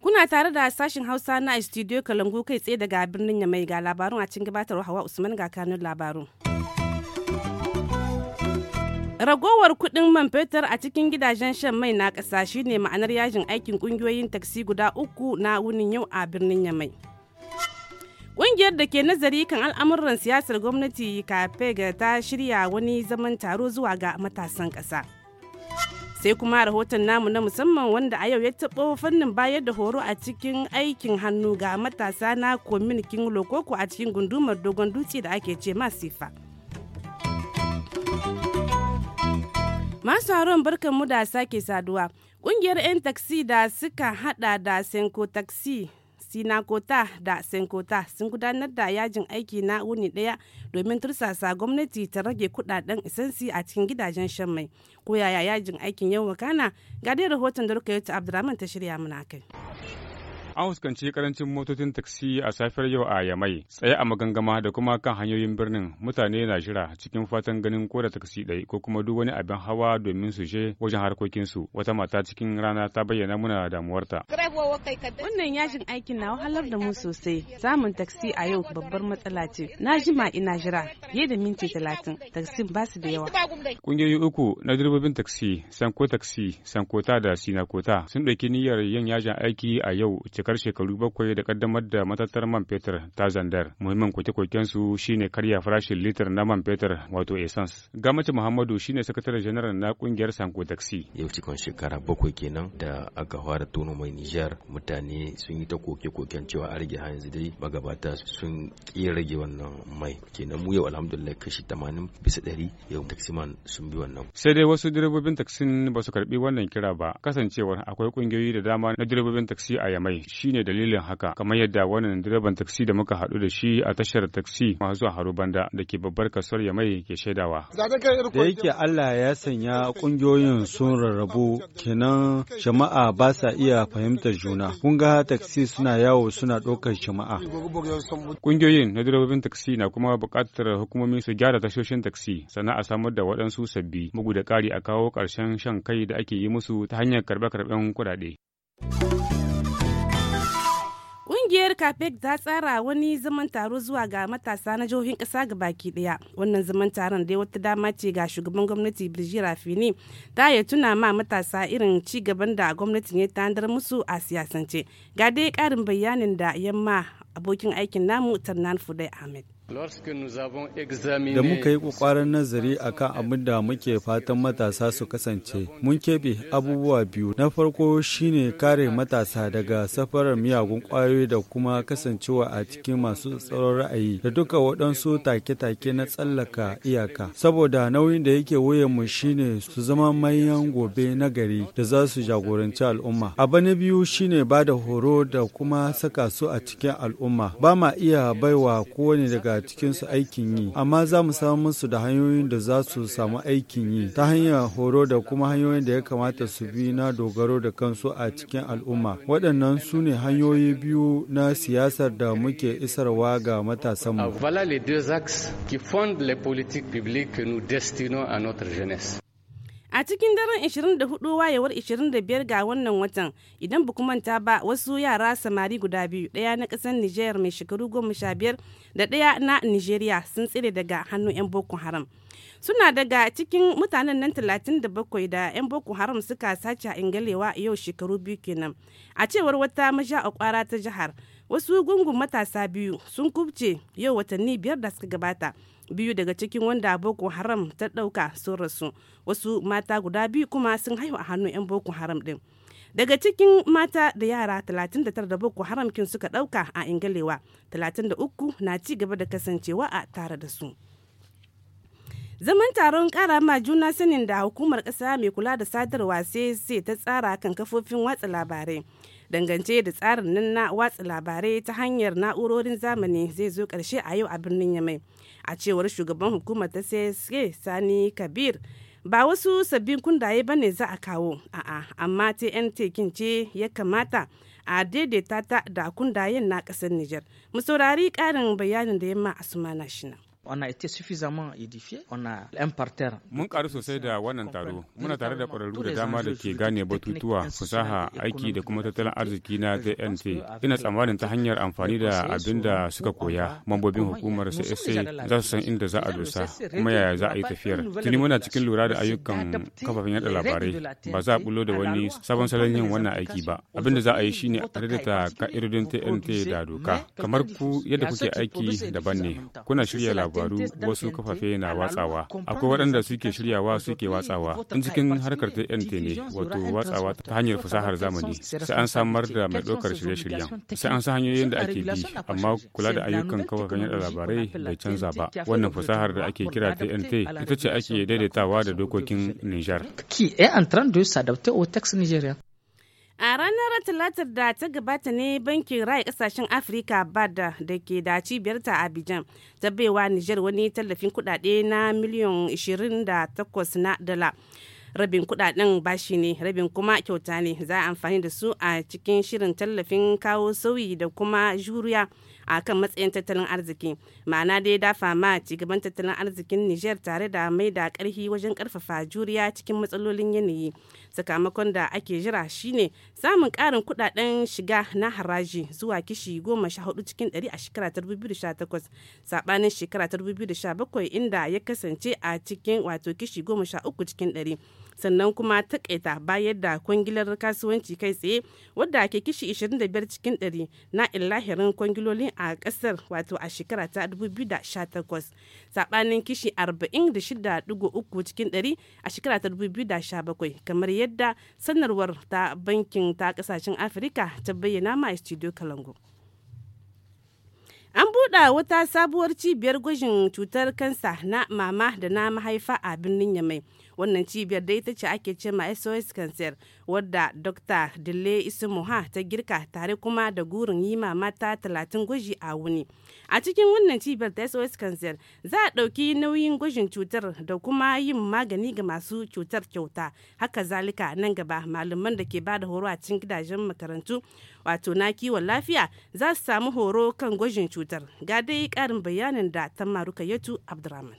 Kuna tare da sashen Hausa na studio Kalangu kai tsaye daga birnin Yamai ga labarun a cikin gabatar Hawa Usman ga kanun labarun. ragowar kuɗin man fetur a cikin gidajen shan mai na ƙasa shine ma'anar yajin aikin ƙungiyoyin taksi guda uku na wunin yau a birnin yamai Ƙungiyar da ke nazari kan al'amuran siyasar gwamnati kafega ta shirya wani zaman taro zuwa ga matasan ƙasa. Sai kuma rahoton namu na musamman wanda a yau ya taɓo fannin bayar da horo a cikin aikin hannu ga matasa na kominikin lokoko a cikin gundumar dogon dutse da ake ce masifa. Masu haron barkan mu da sake saduwa. Ƙungiyar 'yan taksi da suka hada da Senko taksi kota da senkota sun gudanar da yajin aiki na wuni daya domin tursasa gwamnati ta rage kudaden isansi a cikin gidajen shan mai ko yaya yajin aikin yau wakana ga dai rahoton da ruka yi ta ta shirya mana kai an fuskanci karancin motocin taksi a safiyar yau a Yamai, tsaye a magangama da kuma kan hanyoyin birnin mutane na jira cikin fatan ganin ko da taksi ɗai ko kuma duk wani abin hawa domin su je wajen harkokinsu. Wata mata cikin rana ta bayyana muna damuwarta. Wannan yajin aikin na wahalar da mu sosai. Samun taksi a yau babbar matsala ce. Na jima ina jira, fiye da minti talatin. Taksin ba su da yawa. kungiyoyi uku na direbobin taksi, Sanko taksi, Sankota da Sinakota sun ɗauki niyyar yin yajin aiki a yau cika shekar shekaru bakwai da kaddamar da matattar man fetur ta zandar muhimmin koke-koken su shine karya farashin litir na man fetur wato essence gamace muhammadu shine sakataren janar na kungiyar sanko taxi yau cikon shekara bakwai kenan da aka fara tono mai nijar mutane sun yi ta koke-koken cewa a rage yanzu dai magabata sun ki rage wannan mai kenan mu yau alhamdulillah kashi 80 bisa ɗari yau man sun bi wannan sai dai wasu direbobin taksin ba su karbi wannan kira ba kasancewar akwai kungiyoyi da dama na direbobin taxi a yamai shine dalilin haka kamar yadda wannan direban taksi da muka haɗu da shi a tashar taksi masu zuwa harubanda da ke babbar kasuwar mai ke shaidawa da yake allah ya sanya ƙungiyoyin sun rarrabu kenan jama'a ba sa iya fahimtar juna kun ga taksi suna yawo suna ɗaukar jama'a ƙungiyoyin na direbobin taksi na kuma buƙatar hukumomi su gyara tashoshin taksi sannan a samar da waɗansu sabbi mugu da ƙari a kawo ƙarshen shan kai da ake yi musu ta hanyar karɓe-karɓen kuɗaɗe. Kungiyar CAPEC ta tsara wani zaman taro zuwa ga matasa na jihohin ƙasa ga baki ɗaya. Wannan zaman taron dai wata dama ce ga shugaban gwamnati Birji Rafini ta ya tuna ma matasa irin ci gaban da gwamnatin ya tandar musu a siyasance. Ga dai karin bayanin da yamma abokin aikin namu Tarnan Fudai Ahmed. Da muka yi ƙwaƙwaran nazari a kan abin da muke fatan matasa su kasance, mun keɓe abubuwa biyu. Na farko shine kare matasa daga safarar miyagun ƙwayoyi da kuma kasancewa a cikin masu tsaron ra'ayi da duka waɗansu take-take na tsallaka iyaka. Saboda nauyin da yake mu shine su zama manyan gobe na gari da za su jagoranci al'umma. Abu na biyu shine ba da horo da kuma saka su a cikin al'umma. Ba ma iya baiwa kowane daga a su aikin yi amma za mu samu musu da hanyoyin da za su samu aikin yi ta hanyar horo da kuma hanyoyin da ya kamata su bi na dogaro da kansu a cikin al'umma waɗannan su ne hanyoyi biyu na siyasar da muke isarwa ga matasanmu. Voilà les deux axes qui fondent les politiques publiques nous destinons à notre jeunesse. A cikin daren 24 wayewar 25 ga wannan watan idan ba manta ba wasu yara samari guda biyu daya na kasar niger mai shekaru 15 da daya na Nijeriya sun tsire daga hannun 'yan Boko Haram. Suna daga cikin mutanen nan 37 da 'yan Boko Haram suka sace a Ingalewa yau shekaru biyu kenan. A cewar wata maja a kwara ta jihar wasu gungun matasa biyu sun kubce yau watanni biyar da suka gabata. biyu daga cikin wanda boko haram ta dauka sun rasu wasu mata guda biyu kuma sun haihu a hannun 'yan boko haram ɗin daga cikin mata da yara 39 da boko haram kin suka dauka a ingalewa 33 na ci gaba da kasancewa a tare da su zaman taron kara ma juna sanin da hukumar ƙasa mai kula da sadarwa sai e ta tsara kan kafofin watsa labarai dangance da tsarin nan na watsa labarai ta hanyar na'urorin zamani zai zo karshe a yau a birnin yamai a cewar shugaban hukumar ta csk sani kabir ba wasu sabbin kundaye bane za a kawo a'a amma ta yan tekin ce ya kamata a daidaita ta da kundayen na ƙasar nijar mu saurari ƙarin bayanin da yamma a na shina on mun karu sosai da wannan taro muna tare da kwararru da dama da ke gane batutuwa fasaha aiki da kuma tattalin arziki na tnt ina tsammanin ta hanyar amfani da abin da suka koya mambobin hukumar CSA za su san inda za a dosa kuma yaya za a yi tafiyar tuni muna cikin lura da ayyukan kafafen yada labarai ba za a bulo da wani sabon salon yin wannan aiki ba abin da za a yi ne a ta ka'idodin TNT da doka kamar ku yadda kuke aiki daban ne kuna shirya labarai labaru wasu kafafe na watsawa akwai waɗanda suke shiryawa suke watsawa in cikin harkar ta yan ne wato watsawa ta hanyar fasahar zamani sai an samar da mai ɗaukar shirye-shiryen sai an san hanyoyin da ake bi amma kula da ayyukan kafafen yada labarai bai canza ba wannan fasahar da ake kira ta yan ita ce ake daidaitawa da dokokin Nijar. ki est en de s'adapter au texte nigérien. A ranar Talatar da ta gabata ne bankin rai kasashen Afirka bada da ke da cibiyarta ta Abidjan ta baiwa Nijar wani tallafin kudade na miliyan 28 na dala. Rabin kudaden bashi ne, rabin kuma kyauta ne za a amfani da su a cikin shirin tallafin kawo sauyi da kuma juriya a kan matsayin tattalin arziki ma'ana dai dafa ma cigaban tattalin arzikin niger tare da mai da karfi wajen karfafa juriya cikin matsalolin yanayi sakamakon da ake jira shine samun karin kudaden shiga na haraji zuwa kishi goma sha hudu cikin dari a shekara ta takwas sabanin shekara ta bakwai inda ya kasance a cikin wato kishi goma sha uku cikin dari sannan kuma takaita bayar da kwangilar kasuwanci kai tsaye wadda ke kishi 25 cikin 100 na illahirin kwangilolin a kasar wato a shekara ta 2018 sabanin kishi 46.3 cikin 100 a shekara ta 2017 kamar yadda sanarwar ta bankin ta kasashen afirka ta bayyana ma studio kalango. An buɗe wata sabuwar cibiyar gwajin cutar kansa na mama da na mahaifa a birnin Yamai. wannan cibiyar da ita ce ake ce ma sos cancer wadda dr dille ismuha ta girka tare kuma da gurin yi ma mata talatin gwaji a wuni a cikin wannan cibiyar ta sos cancer za a ɗauki nauyin gwajin cutar da kuma yin magani ga masu cutar kyauta haka zalika nan gaba malaman da ke ba da horo a cikin gidajen makarantu wato na kiwon lafiya za su samu horo kan gwajin cutar ga dai karin bayanin da maruka yatu abdurrahman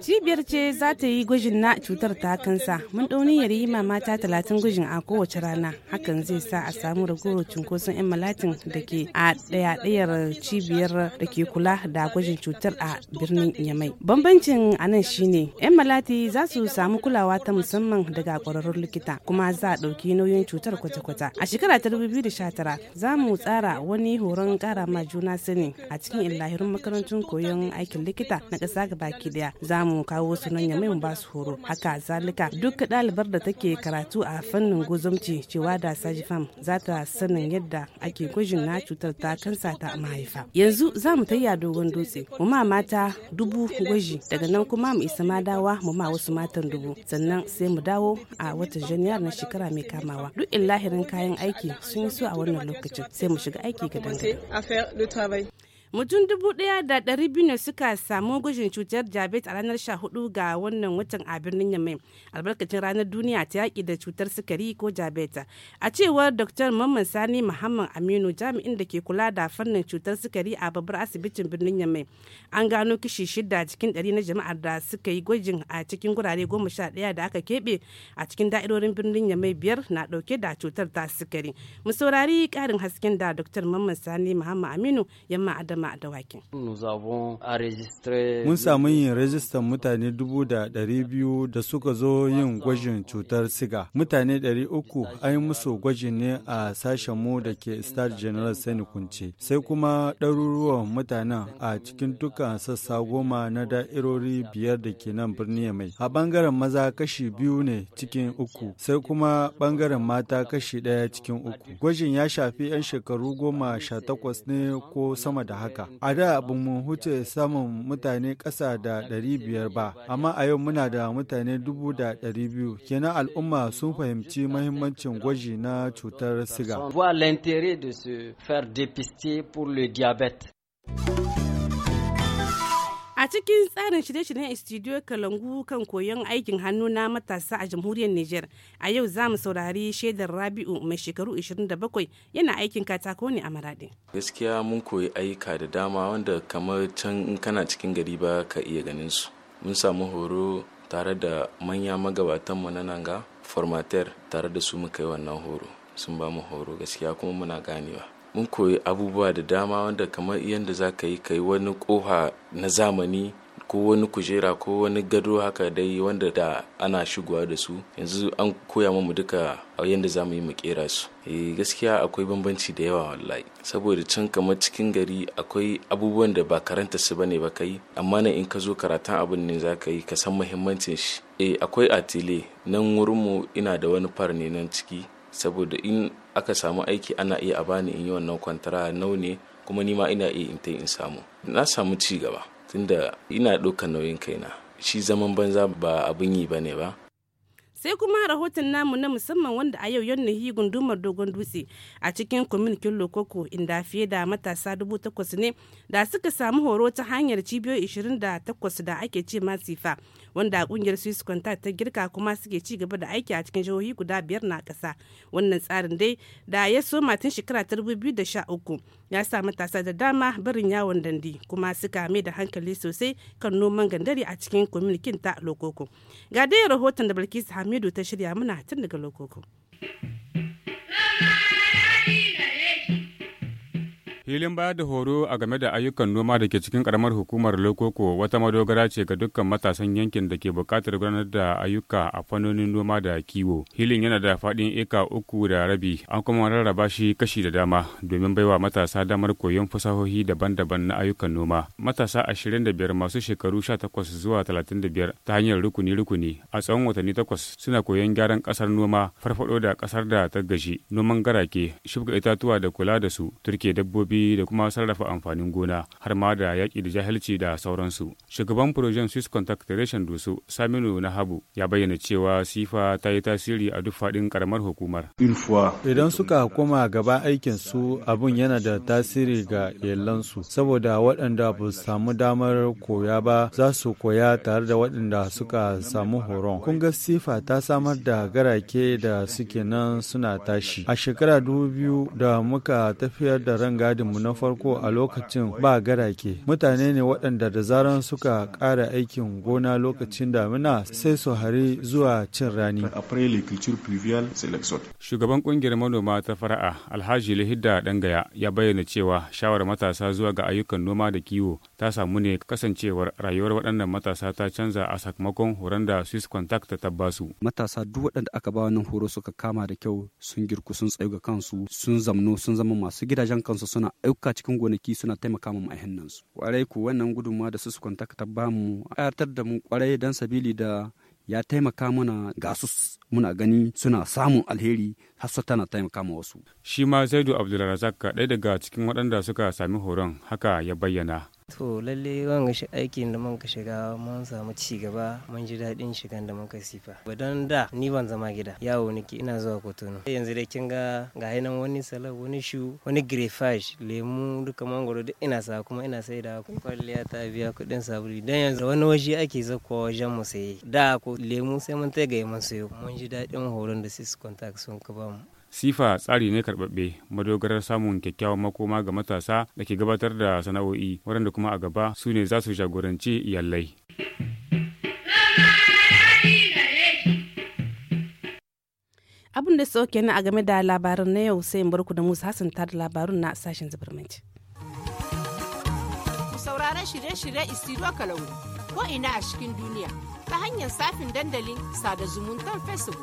cibiyar ce za ta yi gwajin na cutar ta kansa mun ɗauni yari mata talatin gwajin a kowace rana hakan zai sa a samu ragowar cunkoson 'yan malatin da ke a ɗaya-ɗayar cibiyar da ke kula da gwajin cutar a birnin yamai bambancin a nan shine 'yan malati za su samu kulawa ta musamman daga kwararrun likita kuma za a ɗauki ɗauki nauyin cutar kwata-kwata a shekara ta 2019 za mu tsara wani horon kara ma juna sani a cikin illahirun makarantun koyon aikin likita na ƙasa ga baki daya za mu kawo sunan nan mai basu ba su horo haka zalika duk ɗalibar da take karatu a fannin gozomci cewa da sajifam za ta sanin yadda ake gwajin na cutar ta kansa ta mahaifa yanzu za mu tayya dogon dutse mu ma mata dubu gwaji daga nan kuma mu isa madawa mu ma wasu matan dubu sannan sai mu dawo a watan janairu na shekara mai kama kamawa duk lahirin kayan aiki sun yi su a wannan lokacin sai mu shiga aiki ga dangane mutum dubu daya da dari biyu ne suka samu gwajin cutar diabetes a ranar 14 ga wannan watan a birnin yamai albarkacin ranar duniya ta yaƙi da cutar sukari ko diabetes a cewar dr mamman sani muhammad aminu jami'in da ke kula da fannin cutar sukari a babbar asibitin birnin yamai an gano kishi shida cikin dari na jama'ar da suka yi gwajin a cikin gurare goma sha daya da aka keɓe a cikin da'irorin birnin yamai biyar na ɗauke da cutar ta sukari mu saurari karin hasken da dr mamman sani muhammad aminu yamma adam a dawakin. Mun samu yin rajistan mutane dubu da ɗari biyu da suka zo yin gwajin cutar siga. Mutane ɗari uku an yi musu gwajin ne a sashen mu da ke Star General Sani Kunce. Sai kuma ɗaruruwan mutanen a cikin dukkan sassa goma na da'irori biyar da ke nan birni mai. A bangaren maza kashi biyu ne cikin uku, sai kuma bangaren mata kashi ɗaya cikin uku. Gwajin ya shafi 'yan shekaru goma sha takwas ne ko sama da haka. haka. A da ba mu huce samun mutane ƙasa da ɗari biyar ba, amma a yau muna da mutane dubu da ɗari biyu. Kenan al'umma sun fahimci mahimmancin gwaji na cutar siga. de A cikin tsarin shirye-shiryen studio Kalangu kan koyon aikin hannu na matasa a jamhuriyar Nijar, a yau za mu saurari shaidar Rabi'u mai shekaru 27 yana aikin katako ne a maraɗi. Gaskiya mun koyi ayyuka da dama wanda kamar can in kana cikin gari ba ka iya ganin su. Mun samu horo tare da manya magabatan mu na nanga, formater tare da su muka yi wannan horo. Sun ba mu horo gaskiya kuma muna ganewa. mun koyi abubuwa da dama wanda kamar yadda za ka yi ka yi wani koha na zamani ko wani kujera ko wani gado haka dai wanda da ana shigowa da su yanzu an koya mu duka yadda za mu yi mu kera su eh gaskiya akwai bambanci da yawa wallahi saboda can kamar cikin gari akwai abubuwan da ba karanta su bane ba kai amma nan in ka zo karatun abin ne za ka yi ka san muhimmancin shi eh akwai atile nan wurinmu ina da wani far ne nan ciki saboda in aka samu aiki ana iya a bani in yi wannan kwantara nau ne kuma nima ina iya in ta in samu na samu ci gaba tunda ina ɗaukar nauyin kaina shi zaman banza ba abin yi bane ba sai kuma rahoton namu na musamman wanda a yau yanni nahi gundumar dogon dutse a cikin kwamitin lokoko inda fiye da matasa dubu takwas ne da suka samu horo ta hanyar cibiyoyi 28 da ake ce masifa wanda kungiyar Swiss Contact ta girka kuma suke ci gaba da aiki a cikin jihohi guda biyar na kasa Wannan tsarin dai da ya so matin shekara ta uku ya sa matasa da dama barin yawon dandi kuma suka mai da hankali sosai kan noman gandari a cikin kwamilkin ta Lokoko. Ga dai rahoton da Bilkisu Hamidu ta shirya muna tun daga Lokoko. Filin bayar da horo a game da ayyukan noma da ke cikin karamar hukumar Lokoko wata madogara ce ga dukkan matasan yankin da ke bukatar gudanar da ayyuka a fannonin noma da kiwo. Filin yana da fadin eka uku da rabi, an kuma rarraba shi kashi da dama domin baiwa matasa damar koyon fasahohi daban-daban na ayyukan noma. Matasa ashirin da biyar masu shekaru sha takwas zuwa talatin da biyar ta hanyar rukuni-rukuni a tsawon watanni takwas suna koyon gyaran ƙasar noma, farfaɗo da ƙasar da ta gaji, noman garake, shuka itatuwa da kula da su, turke dabbobi da kuma sarrafa amfanin gona har ma da yaƙi da jahilci da sauransu. Shugaban Projen Swiss Contact Federation Doso Saminu na habu. ya bayyana cewa sifa ta yi tasiri a duk faɗin ƙaramar hukumar. Idan suka koma gaba aikin su abun yana da tasiri ga iyalansu saboda waɗanda ba su samu damar koya ba za su koya tare da waɗanda suka samu horon. Kun ga sifa ta samar da garake da suke nan suna tashi. A shekara dubu biyu da muka tafiyar da rangadin mu na farko a lokacin ba garake mutane ne waɗanda da zaran suka ƙara aikin gona lokacin damina sai su hari zuwa cin rani shugaban ƙungiyar manoma ta fara'a alhaji lahidda dangaya ya bayyana cewa shawar matasa zuwa ga ayyukan noma da kiwo ta samu ne kasancewar rayuwar waɗannan matasa ta canza a sakamakon horon da swiss contact ta su matasa duk waɗanda aka ba wannan horo suka kama da kyau sun girku sun tsayu ga kansu sun zamno sun zama masu gidajen kansu suna ɗauka cikin gonaki suna taimaka mu ma'ahin su kwarai ku wannan gudunmawa da su su kwanta ta ba mu ayatar da mu kwarai dan sabili da ya taimaka mana ga su muna gani suna samun alheri su tana taimaka ma wasu shi ma zaidu abdulrazak ɗaya daga cikin waɗanda suka sami horon haka ya bayyana To lalle wanga aikin da muka shiga mun samu ci gaba mun ji daɗin shigan da muka sifa. Ba Don da ni ban zama gida yawo nake ina zuwa Sai Yanzu dai kin ga ga wani salad wani shu wani grefage lemu duka mangoro duk ina sa kuma ina sai da kwalliya ta biya kuɗin sabulu. Dan yanzu wani waje ake zakwa wajen mu sai Da ko lemu sai mun ta mun sayo. Mun ji daɗin horon da sis contact sun ka ba mu. sifa tsari ne karɓaɓɓe madogarar samun kyakkyawan makoma ga matasa da ke gabatar da sana'o'i waɗanda kuma a gaba su ne za su jagoranci iyalai. abin da sau kenan a game da labarin na yau sai in barku da musu hasanta da labarun na sashen zubarmanci. sauraron shirye-shirye istiro kalangu ko ina a cikin duniya ta hanyar safin dandalin sada zumuntar facebook